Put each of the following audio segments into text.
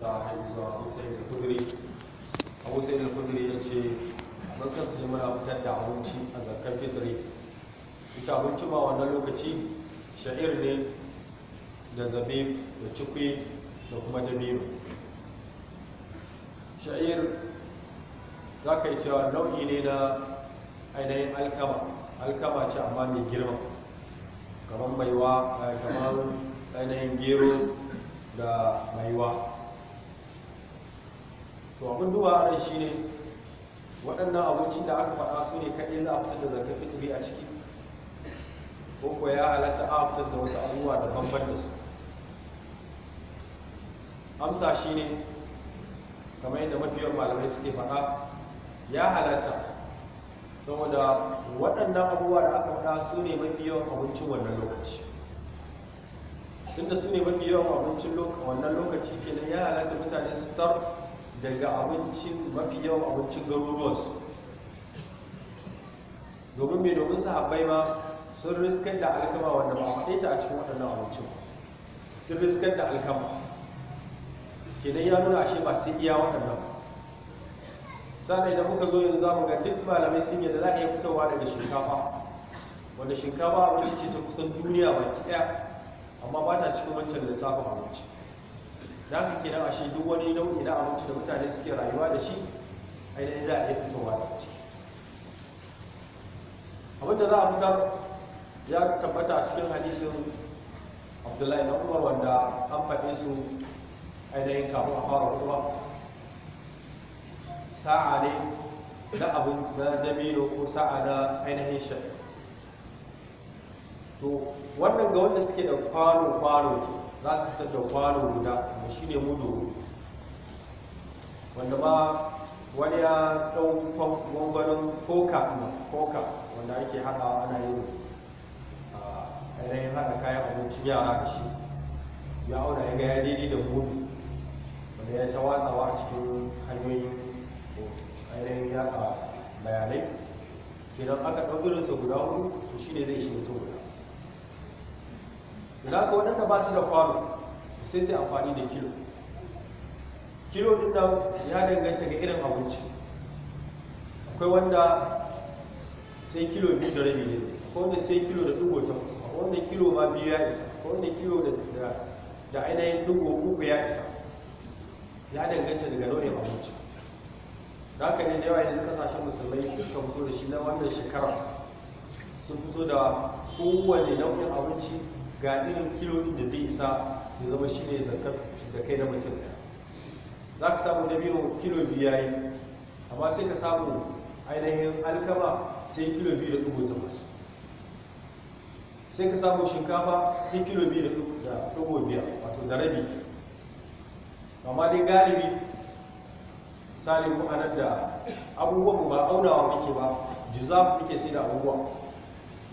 ta hadisawa hussein da kudiri a hussein da ya ce mun kasance muna fitar da abinci a zakar fitri ita abinci ba wannan lokaci sha'ir ne da zabe da cikwe da kuma dabino sha'ir za ka yi cewa nau'i ne na ainihin alkama alkama ce amma mai girma kamar maiwa eh, kamar ainihin gero da maiwa to abin duba a shi shine waɗannan abincin da aka faɗa su ne kaɗai za a fitar da zakar fitri a ciki ko ko ya halatta a fitar da wasu abubuwa da bamban da su amsa shine kamar yadda mafiyar malamai suke faɗa ya halatta saboda waɗannan abubuwa da aka faɗa su ne yawan abincin wannan lokaci tunda su ne mafi yawan abincin wannan lokaci kenan ya halatta mutane su tar daga abincin mafi yawan abincin garuruwansu domin mai domin sahabbai ma sun riskar da alkama wanda ba a ta a cikin waɗannan abincin sun riskar da alkama kenan ya nuna ashe ba sai iya waɗannan sa'adai da muka zo yanzu za mu ga duk malamai sun yadda za a iya fitowa daga shinkafa wanda shinkafa abinci ce ta kusan duniya baki ɗaya amma ba ta cikin wancan lissafin abinci da haka kenan ashe duk wani nau'i na abinci da mutane suke rayuwa da shi ainihin za a iya fitowa da ciki abinda za a fitar ya tabbata a cikin hadisin abdullahi na umar wanda an faɗe su ainihin kafin a fara kuma sa'a ne na abin na damino ko sa'a na ainihin shaɗi to wannan ga wanda suke da kwano-kwano ke za su fitar da kwano guda da shi ne mudu wanda ma wani ya ɗau gwangwanin koka na koka wanda ake haɗa ah, ana yin haɗa kayan abincin yara da shi ya auna ya ga ya daidai da mudu wanda ya ta watsawa a cikin hanyoyin ainihin yaɗa bayanai kenan aka ɗau irinsa guda hudu to shine zai shi mutum guda za ka waɗanda ba su da kwano sai sai amfani da kilo kilo din nan ya danganta ga irin abinci akwai wanda sai kilo biyu da rabi ne ko wanda sai kilo da dugo kusa ko wanda kilo ma biyu ya isa ko wanda kilo da ainihin dugo uku ya isa ya danganta daga nau'in abinci da ka ne da yawa yanzu kasashen musulmai suka fito da shi na wannan shekara sun fito da kowane nau'in abinci ga irin kilo ɗin da zai isa ya zama shi ne zakar da kai na mutum ɗaya za ka samu dabino kilo biyu ya yi. amma sai ka samu ainihin alkama sai kilo biyu da ɗigo takwas sai ka samu shinkafa sai kilo biyu da ɗigo biyar wato da rabi amma dai galibi misali mu anan da abubuwan ba aunawa muke ba juzafu muke sai da abubuwa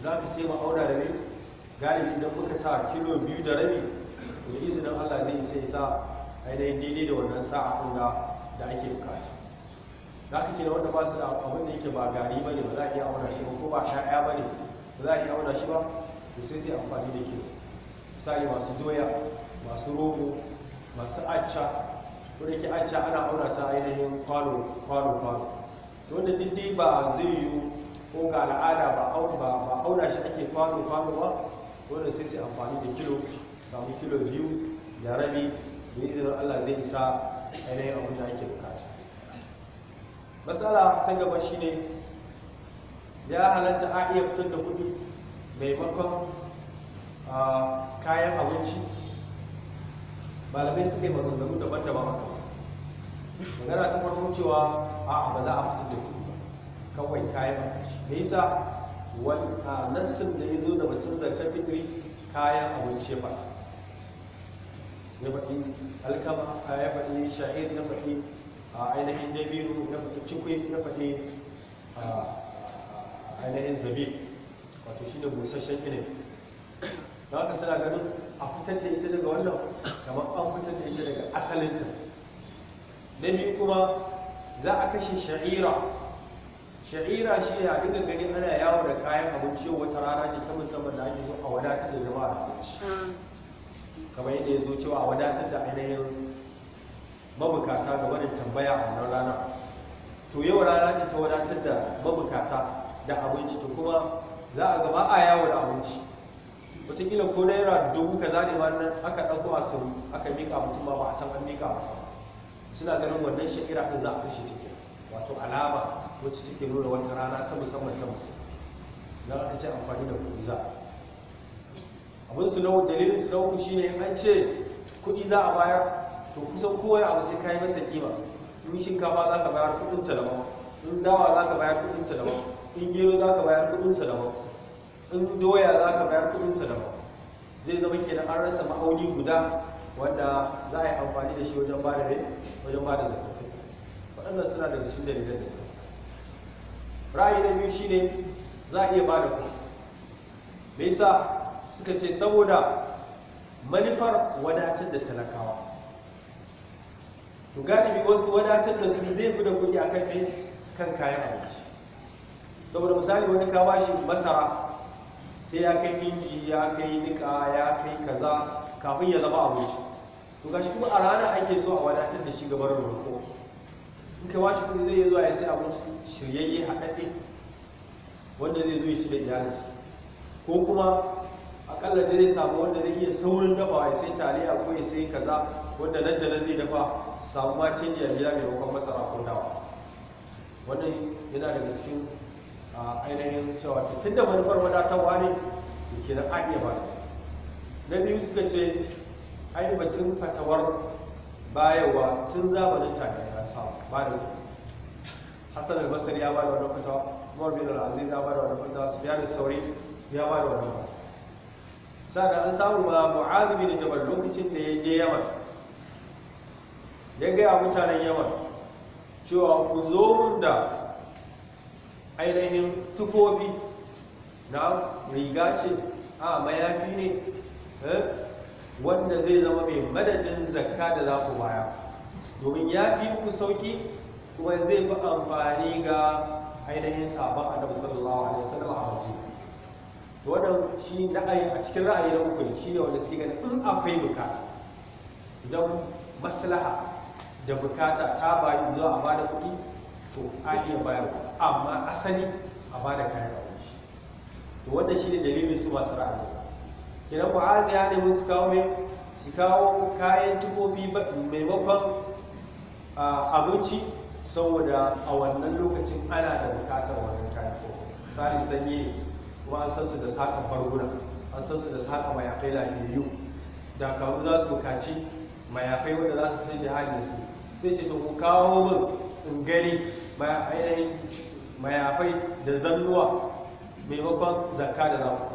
za ka sai ma auna da ne galibi idan muka sa kilo biyu da rabi to izinin allah zai sai sa ainihin daidai da wannan sa'a kunga da ake bukata za ka kira wanda ba su da abin da yake ba gari ba ne ba za a iya auna shi ba ko ba ɗaya ba ne ba za a iya auna shi ba to sai sai amfani da kilo misali masu doya masu rogo masu acca da ke acca ana auna ta ainihin kwano kwano kwano to wanda dindin ba zai yiwu ko ga al'ada ba auna shi ake kwano kwano ba wannan sai sai amfani da kilo samu kilo biyu da rabi da izinin allah zai isa yanayin abin da ake bukata matsala ta gaba shine ya halatta a iya fitar da kuɗi maimakon kayan abinci malamai suka yi maganganu daban-daban haka magana ta farko cewa a ba za a fitar da ba, kawai kayan abinci me yasa nassin da ya zo da mutum zakar fitri kayan abinci ya ya faɗi alkama ya faɗi sha'ir ya faɗi ainihin dabiru ya faɗi cikwe ya faɗi ainihin zabi wato shi da busasshen inin da haka suna ganin a fitar da ita daga wannan kamar an fitar da ita daga asalinta na biyu kuma za a kashe sha'ira sha'ira shi ne a dinga gani ana yawo da kayan abinci wata rana ce ta musamman da ake so a wadatar da jama'a da abinci kamar yadda ya zo cewa a wadatar da ainihin mabukata ga da tambaya a wannan rana to yau rana ce ta wadatar da mabukata da abinci to kuma za a gaba a yawo da abinci wataƙila ko naira dubu ka zane ba nan aka ɗauko a sun aka miƙa mutum ba ba a san an miƙa masa suna ganin wannan sha'ira ɗin za a kashe ke wato alama wacce take nuna wata rana ta musamman ta musu Idan aka ce amfani da kuɗi za abin su nau dalilin su nau shi ne an ce kuɗi za a bayar to kusan kowai abu sai kayi masa kima in shinkafa za ka bayar kuɗin talama in dawa za ka bayar kuɗin talama in gero za ka bayar kuɗin salama in doya za ka bayar kuɗin salama zai zama kenan an rasa ma'auni guda wanda za a yi amfani da shi wajen ba da wajen ba da zakafin waɗannan suna daga cikin dalilan da suka ra'ayi na biyu shine za a iya ba da kuma me sa suka ce saboda manufar wadatar da talakawa to galibi wasu wadatar da su zai fi da kuɗi akan me kan kayan abinci saboda misali wani ka bashi masara sai ya kai inji ya kai nika ya kai kaza kafin ya zama abinci to gashi kuma a rana ake so a wadatar da shi gabar roƙo in kai washe kuɗi zai iya zuwa ya sai abinci shiryayye haɗaɗɗe wanda zai zo ya ci da iyalinsa ko kuma akalla da zai samu wanda zai iya saurin dafa ya sai taliya ko ya sai kaza wanda nan da nan zai dafa su samu ma canji a gida maimakon masara ko dawa wannan yana daga cikin ainihin cewa tun da manufar wadatarwa ne da ke nan a iya ba na biyu suka ce ai batun fatawar bayarwa tun zamanin tabi'ai ya samu ba da kuɗi hassan al-basri ya ba da wannan fatawa umar bin al-aziz ya ba da wannan fatawa sufyan da sauri ya ba da wannan fatawa sannan an samu ma mu'adh bin jabal lokacin da ya je yaman ya gaya mutanen yaman cewa ku zo mun da ainihin tufofi na riga ce a mayafi ne eh? wanda zai zama mai madadin zakka da za ku baya domin ya fi muku sauki kuma zai fi amfani ga ainihin sabon annabi sallallahu alaihi wasallam a waje to wannan shi ayi a cikin ra'ayi na uku ne wanda suke ganin in akwai bukata idan maslaha da bukata ta bayu zuwa a bada kuɗi to a iya bayar amma asali a bada kayan abinci to wannan ne dalilin su masu ra'ayi kira ku ya ne musu kawo mai shi kawo kayan tubobi maimakon abinci saboda a wannan lokacin ana da bukatar wannan kayan tubobi misali sanyi ne kuma an san su da saka farguna, an san su da saƙa mayafai lafiyayyu da kawo za su bukaci mayafai wanda za su fita jihadi da su sai ce to ku kawo min in gani mayafai da zannuwa maimakon zakka da za ku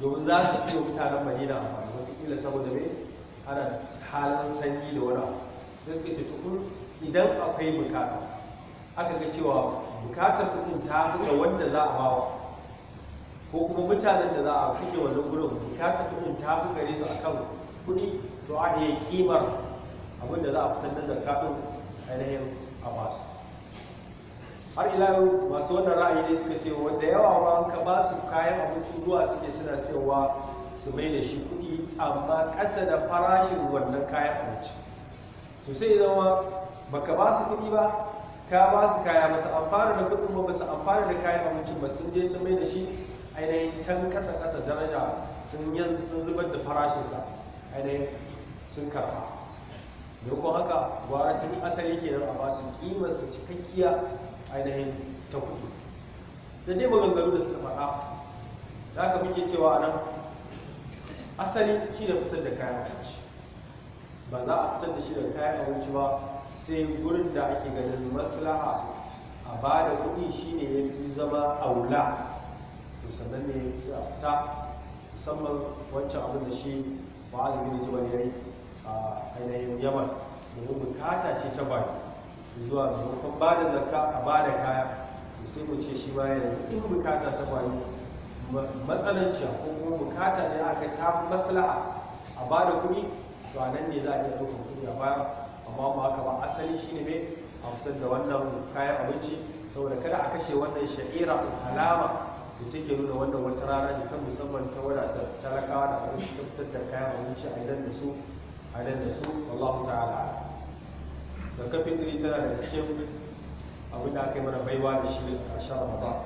domin za su iya mutanen madina amfani watakila saboda mai ana halin sanyi da wani abu sai suka ce tukun idan akwai bukata aka ga cewa bukatar kudin ta buga wanda za a bawa ko kuma mutanen da za a suke wannan gurin bukatar kudin ta buga gare su akan kudi to a iya kimar abin da za a fitar na zarkaɗin ainihin a basu har ila yau masu wannan ra'ayi ne suka ce wanda yawa ba ka ba su kayan abincin ruwa suke suna sayarwa su mai da shi kuɗi amma ƙasa da farashin wannan kayan abinci to sai zama baka ba su kuɗi ba ka ba su kaya ba su amfana da kuɗin ba su amfana da kayan abincin ba sun je sun mai da shi ainihin can ƙasa ƙasa daraja sun yanzu sun zubar da farashinsa ainihin sun karfa don haka gwara tun asali kenan a ba su kimar su cikakkiya ainihin ta hudu da dai maganganu da suka faɗa da aka muke cewa nan asali shi da fitar da kayan abinci ba za a fitar da shi da kayan abinci ba sai gurin da ake ganin maslaha a ba da kuɗi ne ya fi zama aula to sannan ne sai a fita musamman wancan abin da shi ba a zubin jibal ya yi a ainihin yaman domin bukata ce ta baki zuwa ga hukun ba da zakka a ba da kaya to sai mu ce shi ma yanzu in bukata ta bayu matsalanciya ko kuma bukata ne aka ta maslaha a ba da kuɗi to a nan ne za a iya ɗaukar kuɗi a baya amma ba haka ba asali shine ne a fitar da wannan kayan abinci saboda kada a kashe wannan sha'ira alama da take nuna wannan wata rana da ta musamman ta wadata talakawa da abinci ta fitar da kayan abinci a idan da su a idan da su wallahu ta'ala zakar iri tana da cikin abin da aka yi mana baiwa da shi a ƙarshen ramadan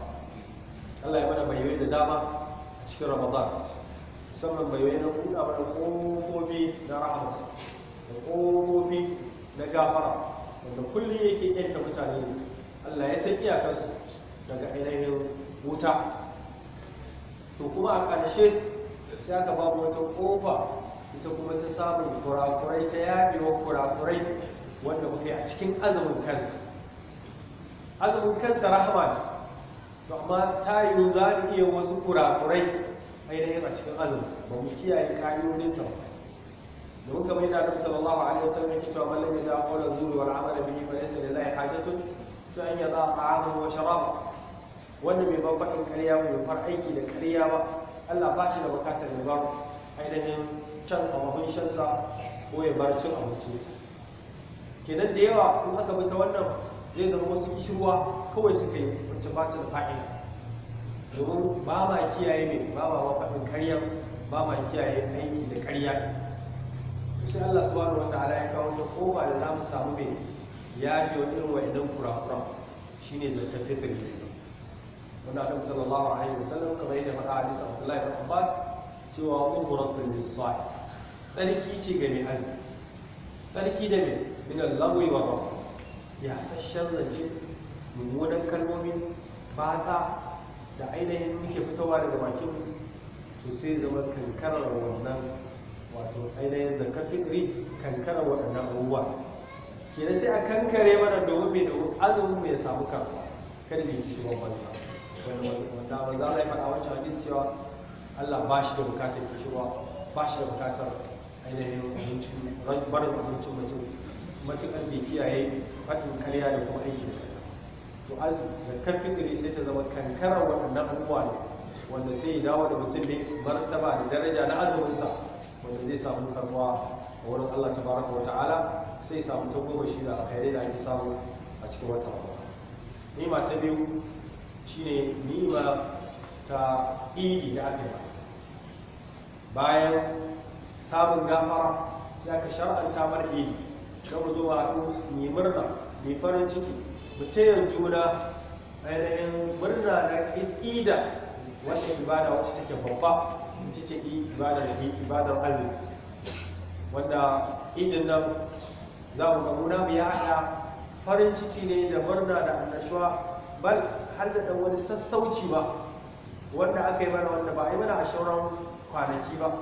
allah ya mana baiwai da dama a cikin ramadan musamman baiwai na buɗa mana ƙofofi na rahamarsa da ƙofofi na gafara wanda kullum yake yanta mutane allah ya san iyakarsu daga ainihin wuta to kuma a ƙarshe sai aka babu wata ƙofa ita kuma ta samun kurakurai ta yabewa kurakurai wanda muka yi a cikin azumin kansa azumin kansa rahama ne to amma ta yiwu za mu iya wasu kurakurai ainihin a cikin azumin ba mu kiyaye ƙa'idodinsa ba domin kamar da annabi sallallahu alaihi wasallam yake cewa man lam yada qawla zuri wal amala bihi fa laysa lillahi hajatun fi an yada ta'amahu wa sharaba wanda bai ban faɗin ƙarya ba bai far aiki da ƙarya ba Allah ba shi da bukatar ya bar ainihin can ababun shansa ko ya bar cin abincinsa kenan da yawa in aka bi ta wannan zai zama wasu kishirwa kawai suka yi wacce ba ta da fa'ina. domin ba ma kiyaye ne ba ma faɗin karya ba ma kiyaye aiki da ne to sai Allah subhanahu wataala ya kawo ta koba da za mu samu mai fi wa irin idan kurakuran shine zakka fitr wanda Annabi sallallahu alaihi wasallam kamar yadda faɗa hadisi Abdullahi ibn Abbas cewa uhuratun lis-sa'i tsarki ce ga mai azumi tsarki da mai Ina al-lagwi wa ya sashen zance mummunan kalmomi sa da ainihin muke fitowa daga bakin to sai zama kankarar wannan wato ainihin zakar fitri kankarar waɗannan abubuwa kenan sai a kankare mana domin mai domin azumin mai samu karfa kada mai kishi banza wanda banza Allah ya faɗa wancan hadis cewa Allah ba shi da bukatar kishirwa ba shi da bukatar ainihin abincin barin abincin mutum matuƙar mai kiyaye faɗin karya da kuma aiki da to az zakar fitri sai ta zama kankarar waɗannan abubuwa ne wanda sai ya dawo da mutum ne martaba da daraja na azuminsa wanda zai samu karbuwa a wurin Allah tabaraka wa ta'ala sai samu ta goma shi da alkhairai da ake samu a cikin wata ramadan ni'ima ta biyu shine ni'ima ta idi da aka bayan samun gafara sai aka shar'anta mar idi sai mu zo mu haɗu mu yi murna mu farin ciki mu taya juna ainihin murna na isida wata ibada wacce take babba ita ce ibada da ibadar azumi wanda idan nan za mu ga muna mu ya haɗa farin ciki ne da murna da annashuwa bal har da ɗan wani sassauci ba wanda aka yi mana wanda ba a yi mana a shauran kwanaki ba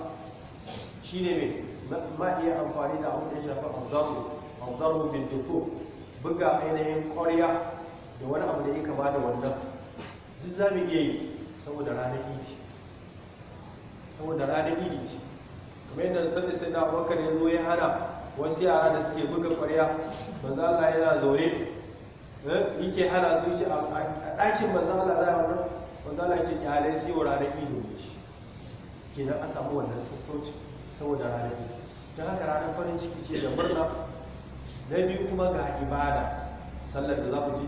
shine mai ma iya amfani da abin da ya shafi abdamu au min bin buga ainihin ƙwarya da wani abu da ya kama da wannan duk za mu iya yi saboda ranar idi saboda ranar idi ce kuma yadda sanda sai da abokan yanzu ya hana wasu yara da suke buga ƙwarya maza Allah yana zaune eh, yake hana su ce a ɗakin maza Allah za a wannan manzo Allah ke kyale su wa ranar idi ne ce kenan a samu wannan sassauci saboda ranar idi don haka ranar farin ciki ce da murna na biyu kuma ga ibada sallar da za mu ji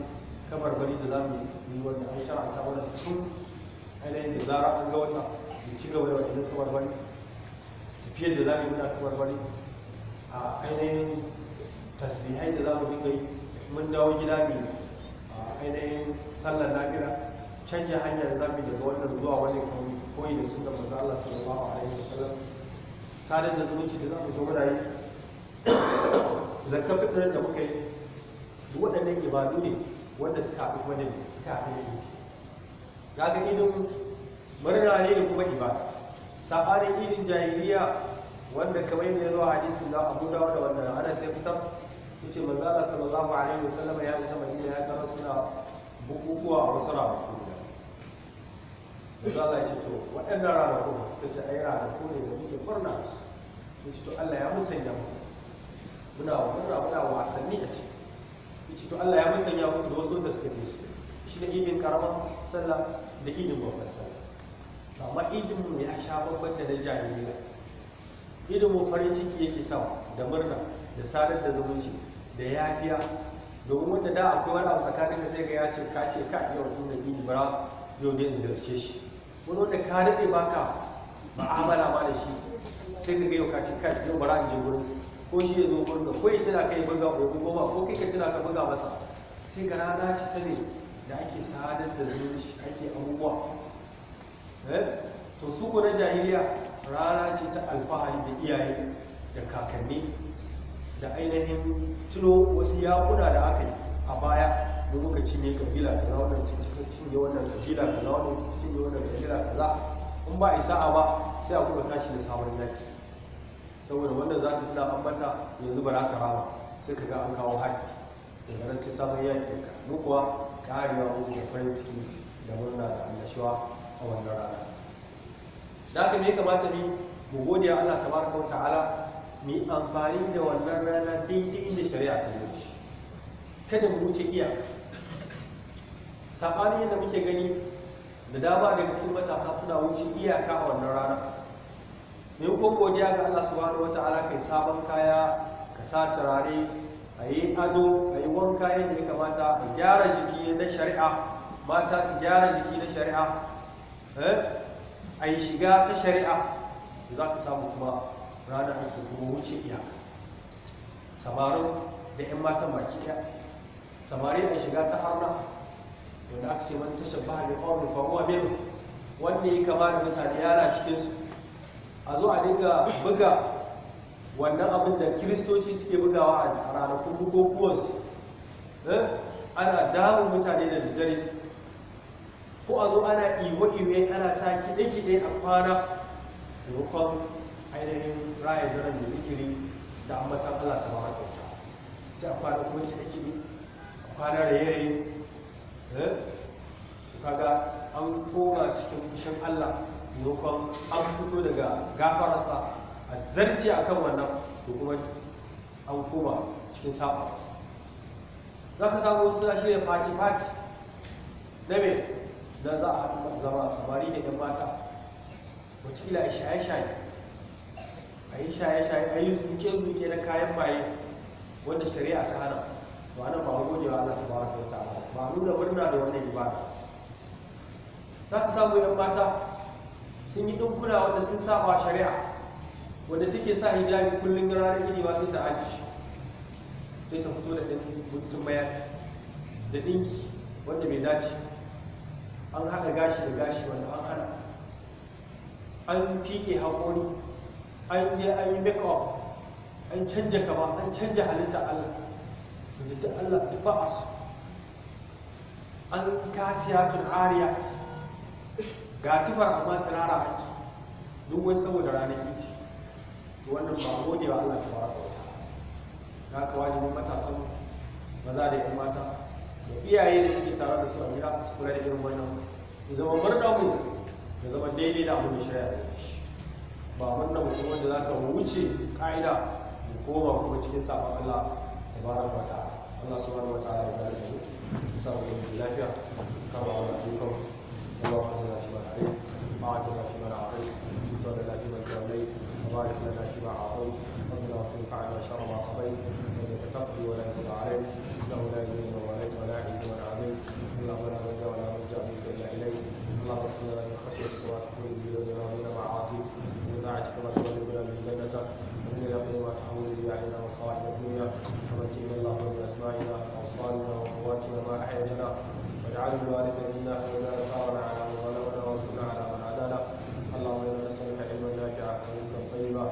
bari da za mu yi wanda an shara'anta wanda su sun ainihin da zara an ga wata da ci gaba da kamar bari tafiyar da za mu yi kamar bari a ainihin tasbihai da za mu dinga yi mun dawo gida mai ainihin sallar nafira canja hanya da za mu daga wannan zuwa wannan koyi da sunan manzo Allah sallallahu alaihi wasallam sadar da zumunci da za mu zo muna yi zakar fitrin da muka yi waɗannan ibadu ne wanda suka haɗu wani suka haɗu da ita ga ka idin murna ne da kuma ibada saɓanin irin jahiliya wanda kamar yadda ya zo a hadisin da abu dawo da wanda ana sai fitar yace manzo Allah sallallahu alaihi wasallam ya isa Madina ya tarar suna bukukuwa a wasu ranaku da Allah ya ce to waɗannan ranaku suka ce ai ranaku ne da muke murna su ce to Allah ya musanya mu muna muna muna wasanni a ciki yace to Allah ya musanya muku da wasu da suka fi su shi ne idin karama sallah da idin babban sallah to amma idin mu ya sha babban da na jahiliya idin mu farin ciki yake sa da murna da sadar da zumunci da yafiya domin wanda da akwai wani abu tsakanin ka sai ga ya ce ka ce ka yau tun da idi bara yau dai in ziyarce shi wani wanda ka daɗe baka ma'amala ma da shi sai ka ga yau ka ce ka yau bara in je su. ko shi ya zo burga ko ya tana kai burga ko kuma ba ko kai ka tana ka buga masa sai ga rana ci ta ne da ake sadar da zumunci ake abubuwa eh? to su ko na jahiliya rana ce ta alfahari da iyaye da kakanni da ainihin tuno wasu yakuna da aka yi a baya da muka cinye kabila kaza wannan cinye wannan kabila kaza wannan cinye wannan kabila za in ba isa ba sai a kuma tashi da sabon yaki saboda wanda za ta tuna ambata mata yanzu ba za ta rama sai ka ga an kawo hari daga nan sai sabon da ka mu kuwa karewa muku da farin ciki da murna da annashuwa a wannan rana da haka me kamata ni mu gode wa Allah tabaraka wa ta'ala mu yi amfani da wannan rana daidai inda shari'a ta zo shi kada mu wuce iyaka sabanin yadda muke gani da dama daga cikin matasa suna wuce iyaka a wannan rana ne ko godiya ga Allah subhanahu wataala kai sabon kaya ka sa turare a yi ado a yi wanka yadda ya kamata a gyara jiki na shari'a mata su gyara jiki na shari'a eh, a yi shiga ta shari'a za ka samu kuma ranar ake kuma wuce iyaka samarin da 'yan matan baki ɗaya samari a shiga ta harna wanda aka ce wani tashar bahari ƙaunar faruwa minu wanda ya kama da mutane yana cikinsu a zo a dinga buga wannan abin da kiristoci suke bugawa a ranakun bukukuwansu eh, ana damun mutane da daddare ko a zo ana iwe-iwe ana sa kiɗe-kiɗe a kwana rukon ainihin raya daren da zikiri da ambatan Allah ta mara kyauta sai a kwana kuma kiɗe-kiɗe a kwana raye-raye eh, kaga an koma cikin fushin Allah maimakon an fito daga gafararsa a zarce a kan wannan da kuma an koma cikin saba masa za ka samu wasu na shirya fati-fati na mai na za a haɗu zama samari da 'yan mata watakila a shaye-shaye a yi shaye-shaye a yi zuke-zuke na kayan maye wanda shari'a ta hana ba nan ba gojewa Allah ta baraka wa ta'ala ba nuna murna da wannan ibada za ka samu 'yan mata sun yi ɗinkuna wanda sun saba shari'a wanda take sa hijabi kullum ranar idi ba sai ta aji sai ta fito da ɗin guntun bayan, da ɗinki wanda bai dace an haɗa gashi da gashi wanda an hana an fiƙe haƙori an yi an yi make up an canja kama an canja halitta allah da duk allah duk ba a kasi an kasiyatun ariyat ga tufar amma tsirara ake duk wai saboda ranar iti to wannan ba a gode wa Allah ta baraka wata ga ka wajibin matasan maza da yan mata da iyaye da suke tare da su a gida su kula da irin wannan ya zama murna mu ya zama daidai da abin da shari'a ta shi ba murna mu kuma da za ka wuce ka'ida da koma kuma cikin sabon Allah ta baraka wata Allah subhanahu wa ta'ala ya baraka mu sa mu lafiya kama wani ayyukan اللهم اهدنا فيمن هديت وعافنا فيمن عافيت وتولنا فيمن توليت وبارك لنا فيما اعطيت وقنا واصرف عنا شر ما قضيت انك تقضي ولا يقضى عليك انه لا يذل من واليت ولا يعز من عليك اللهم لا ملجا ولا ملجا منك الا اليك اللهم اغفر لنا من خشيتك ما تحول به بيننا وبين معاصيك ومن طاعتك ما تبلغنا من جنتك ومن اليقين ما تحول به علينا مصائب الدنيا ومجدنا اللهم باسمائنا وابصارنا وقواتنا ما احييتنا واجعل الوارث منا ولا ثارنا على من وانصرنا على من عادانا اللهم انا نسالك علما نافعا ورزقا طيبا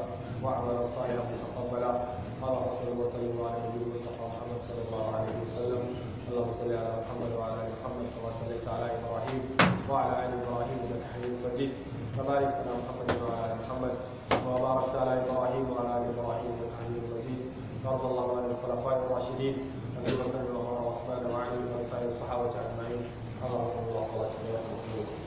وعملا صالحا متقبلا اللهم صل وسلم على نبينا المصطفى محمد صلى الله عليه وسلم اللهم صل على محمد وعلى ال محمد كما صليت على ابراهيم وعلى ال ابراهيم انك حميد مجيد وبارك على محمد وعلى ال محمد وباركت على ابراهيم وعلى ال ابراهيم انك حميد مجيد وارض اللهم عن الخلفاء الراشدين ابي بكر Allah subhanahu wa ta'ala, and the Sahaba Ta'ala, and the Sahaba